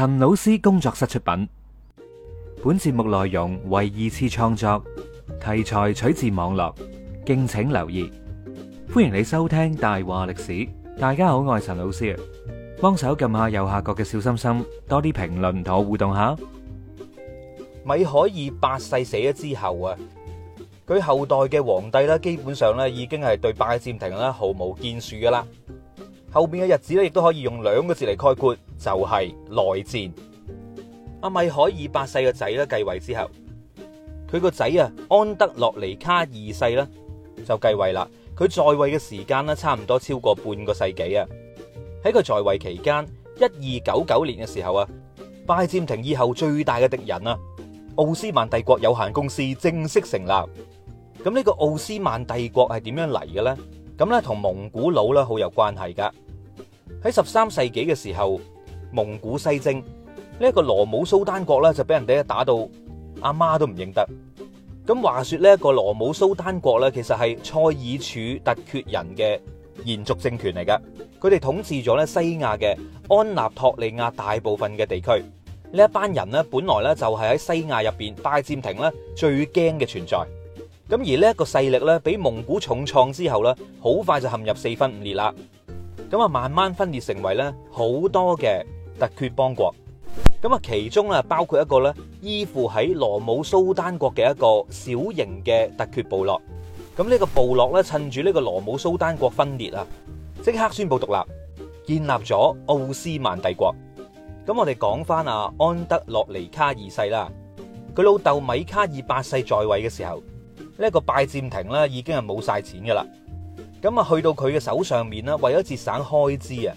陳老師工作室出品，本節目內容為二次創作，題材取自網絡，敬請留意。歡迎你收聽《大話歷史》，大家好，我係陳老師啊！幫手撳下右下角嘅小心心，多啲評論同我互動下。米海爾八世死咗之後啊，佢後代嘅皇帝咧，基本上咧已經係對拜占庭咧毫無建樹噶啦。後邊嘅日子咧，亦都可以用兩個字嚟概括。就係內戰。阿米海爾八世嘅仔咧繼位之後，佢個仔啊安德洛尼卡二世咧就繼位啦。佢在位嘅時間咧差唔多超過半個世紀啊。喺佢在位期間，一二九九年嘅時候啊，拜占庭以後最大嘅敵人啊，奧斯曼帝國有限公司正式成立。咁呢個奧斯曼帝國係點樣嚟嘅咧？咁咧同蒙古佬咧好有關係㗎。喺十三世紀嘅時候，蒙古西征呢一個羅姆蘇丹國咧就俾人哋打到阿媽都唔認得。咁話說呢一個羅姆蘇丹國呢，其實係塞爾柱突厥人嘅延續政權嚟嘅，佢哋統治咗咧西亞嘅安納托利亞大部分嘅地區。呢一班人呢，本來呢就係喺西亞入邊拜占庭呢最驚嘅存在。咁而呢一個勢力呢，俾蒙古重創之後呢，好快就陷入四分五裂啦。咁啊慢慢分裂成為呢好多嘅。突厥邦國，咁啊，其中啊包括一個咧依附喺羅姆蘇丹國嘅一個小型嘅突厥部落。咁、這、呢個部落咧趁住呢個羅姆蘇丹國分裂啊，即刻宣布獨立，建立咗奧斯曼帝國。咁、嗯、我哋講翻阿、啊、安德洛尼卡二世啦，佢老豆米卡爾八世在位嘅時候，呢、這、一個拜占庭咧已經係冇晒錢噶啦。咁啊去到佢嘅手上面啦，為咗節省開支啊。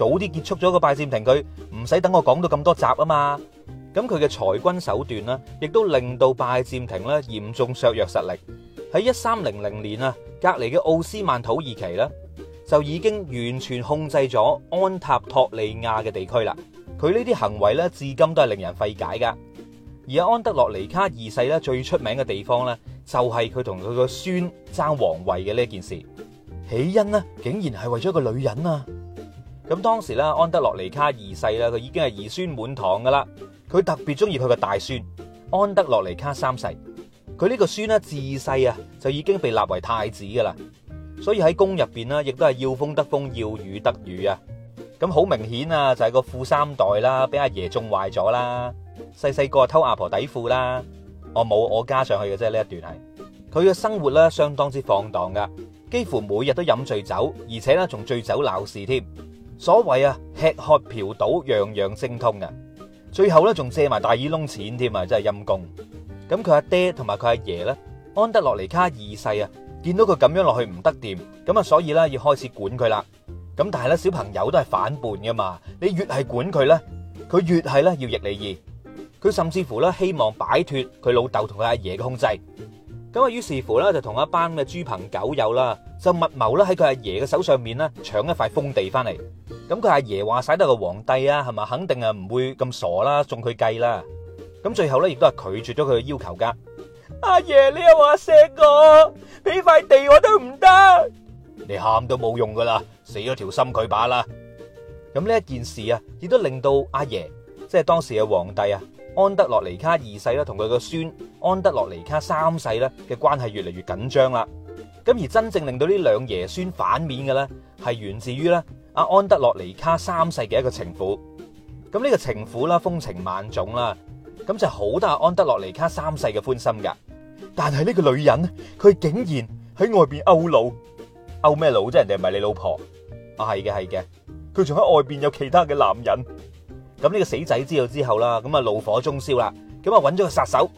早啲結束咗個拜占庭，佢唔使等我講到咁多集啊嘛，咁佢嘅裁軍手段呢，亦都令到拜占庭咧嚴重削弱實力。喺一三零零年啊，隔離嘅奧斯曼土耳其呢，就已經完全控制咗安塔托利亞嘅地區啦。佢呢啲行為咧，至今都係令人費解噶。而阿安德洛尼卡二世咧，最出名嘅地方咧，就係佢同佢個孫爭皇位嘅呢件事，起因呢，啊，竟然係為咗個女人啊！咁當時咧，安德洛尼卡二世咧，佢已經係兒孫滿堂噶啦。佢特別中意佢個大孫安德洛尼卡三世。佢呢個孫呢，自細啊就已經被立為太子噶啦，所以喺宮入邊呢，亦都係要風得風，要雨得雨啊。咁好明顯啊，就係個富三代啦，俾阿爺縱壞咗啦。細細個偷阿婆底褲啦，我冇我加上去嘅啫。呢一段係佢嘅生活咧，相當之放蕩噶，幾乎每日都飲醉酒，而且咧仲醉酒鬧事添。所謂啊，吃喝嫖賭樣樣精通啊，最後咧仲借埋大耳窿錢添啊，真係陰功。咁佢阿爹同埋佢阿爺咧，安德洛尼卡二世啊，見到佢咁樣落去唔得掂，咁啊所以咧要開始管佢啦。咁但係咧小朋友都係反叛噶嘛，你越係管佢咧，佢越係咧要逆你意。佢甚至乎咧希望擺脫佢老豆同佢阿爺嘅控制。咁啊於是乎咧就同一班咩豬朋狗友啦，就密謀啦喺佢阿爺嘅手上面咧搶一塊封地翻嚟。咁佢阿爺話晒都係個皇帝啊，係嘛，肯定啊唔會咁傻啦，中佢計啦。咁最後咧，亦都係拒絕咗佢嘅要求噶。阿爺，你又話錫我俾塊地我都唔得，你喊都冇用噶啦，死咗條心佢把啦。咁呢一件事啊，亦都令到阿爺即係當時嘅皇帝啊安德洛尼卡二世咧，同佢個孫安德洛尼卡三世咧嘅關係越嚟越緊張啦。咁而真正令到呢兩爺孫反面嘅咧，係源自於咧。阿安德洛尼卡三世嘅一個情婦，咁呢個情婦啦，風情萬種啦，咁就好得阿安德洛尼卡三世嘅歡心㗎。但係呢個女人呢，佢竟然喺外邊勾佬勾咩佬啫？人哋唔係你老婆，啊係嘅，係嘅，佢仲喺外邊有其他嘅男人。咁呢個死仔知道之後啦，咁啊怒火中燒啦，咁啊揾咗個殺手，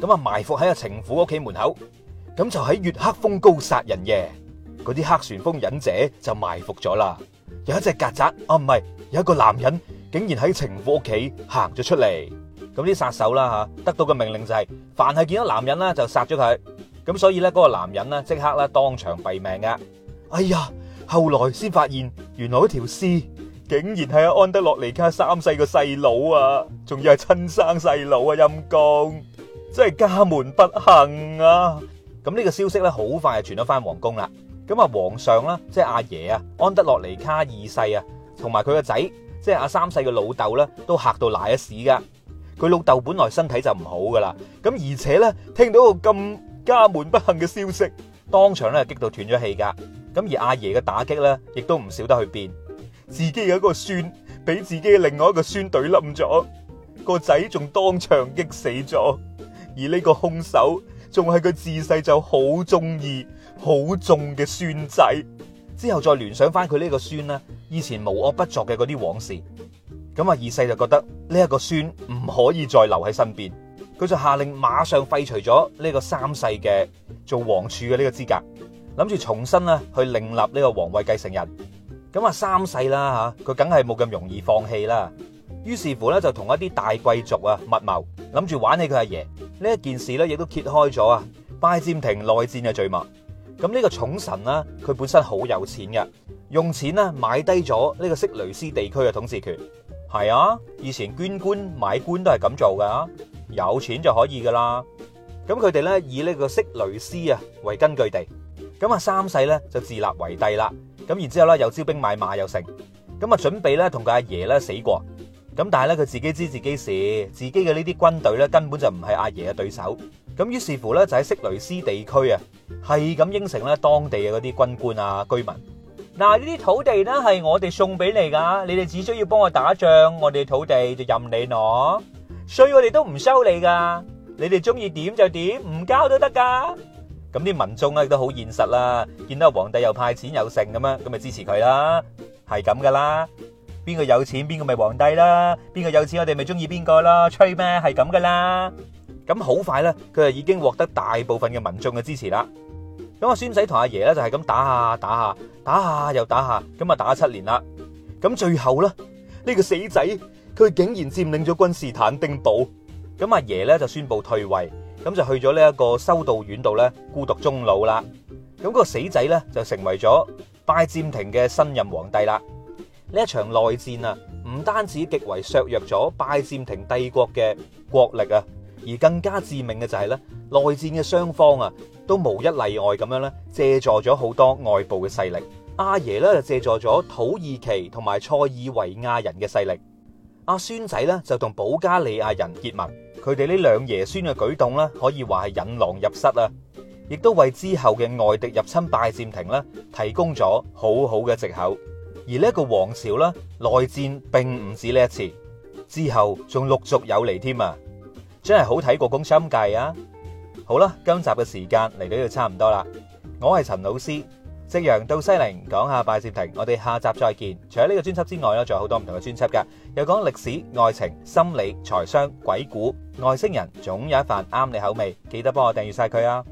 咁啊埋伏喺個情婦屋企門口，咁就喺月黑風高殺人夜，嗰啲黑旋風忍者就埋伏咗啦。有一隻曱甴，啊唔係，有一個男人竟然喺情婦屋企行咗出嚟，咁啲殺手啦、啊、吓，得到嘅命令就係、是，凡係見到男人啦，就殺咗佢，咁所以咧嗰個男人咧即刻咧當場斃命嘅、啊，哎呀，後來先發現原來嗰條屍竟然係阿安德洛尼卡三世個細佬啊，仲要係親生細佬啊陰公，真係家門不幸啊，咁呢個消息咧好快就傳咗翻皇宮啦。咁啊，皇上啦，即係阿爺啊，安德洛尼卡二世啊，同埋佢個仔，即係阿三世嘅老豆咧，都吓到瀨一屎噶。佢老豆本來身體就唔好噶啦，咁而且咧聽到個咁家門不幸嘅消息，當場咧激到斷咗氣噶。咁而阿爺嘅打擊咧，亦都唔少得去邊，自己嘅一個孫俾自己嘅另外一個孫隊冧咗，個仔仲當場激死咗，而呢個凶手仲係佢自細就好中意好重嘅孫仔，之後再聯想翻佢呢個孫咧，以前無惡不作嘅嗰啲往事，咁啊二世就覺得呢一個孫唔可以再留喺身邊，佢就下令馬上廢除咗呢個三世嘅做王儲嘅呢個資格，諗住重新啦去另立呢個皇位繼承人。咁啊三世啦嚇，佢梗係冇咁容易放棄啦。於是乎呢，就同一啲大貴族啊密謀，諗住玩起佢阿爺呢一件事呢，亦都揭開咗啊拜占庭內戰嘅序幕。咁呢個寵臣呢，佢本身好有錢嘅，用錢呢，買低咗呢個色雷斯地區嘅統治權。係啊，以前捐官買官都係咁做噶，有錢就可以噶啦。咁佢哋呢，以呢個色雷斯啊為根據地。咁啊三世呢，就自立為帝啦。咁然之後咧又招兵買馬又成。咁啊準備呢，同佢阿爺呢死過。咁但係呢，佢自己知自己事，自己嘅呢啲軍隊呢，根本就唔係阿爺嘅對手。咁於是乎咧，就喺色雷斯地區啊，係咁應承咧當地嘅嗰啲軍官啊居民。嗱，呢啲土地咧係我哋送俾你噶，你哋只需要幫我打仗，我哋土地就任你攞，稅我哋都唔收你噶。你哋中意點就點，唔交都得噶。咁啲民眾咧都好現實啦，見到皇帝又派錢又剩咁樣，咁咪支持佢啦，係咁噶啦。邊個有錢邊個咪皇帝啦，邊個有錢我哋咪中意邊個咯，吹咩係咁噶啦。咁好快咧，佢就已經獲得大部分嘅民眾嘅支持啦。咁阿孫仔同阿爺咧就係咁打下打下打下又打下，咁啊打咗七年啦。咁最後咧，呢個死仔佢竟然佔領咗君士坦丁堡，咁阿爺咧就宣布退位，咁就去咗呢一個修道院度咧孤獨終老啦。咁嗰個死仔咧就成為咗拜占庭嘅新任皇帝啦。呢一場內戰啊，唔單止極為削弱咗拜占庭帝國嘅國力啊。而更加致命嘅就係咧，內戰嘅雙方啊，都無一例外咁樣咧，藉助咗好多外部嘅勢力。阿爺咧就藉助咗土耳其同埋塞爾維亞人嘅勢力，阿孫仔咧就同保加利亞人結盟。佢哋呢兩爺孫嘅舉動咧，可以話係引狼入室啊，亦都為之後嘅外敵入侵拜占庭咧提供咗好好嘅藉口。而呢個王朝咧，內戰並唔止呢一次，之後仲陸續有嚟添啊。真係好睇過宮心計啊！好啦，今集嘅時間嚟到呢度差唔多啦。我係陳老師，夕陽到西陵講下拜占庭，我哋下集再見。除咗呢個專輯之外，我仲有好多唔同嘅專輯嘅，有講歷史、愛情、心理、財商、鬼故、外星人，總有一份啱你口味。記得幫我訂閱晒佢啊！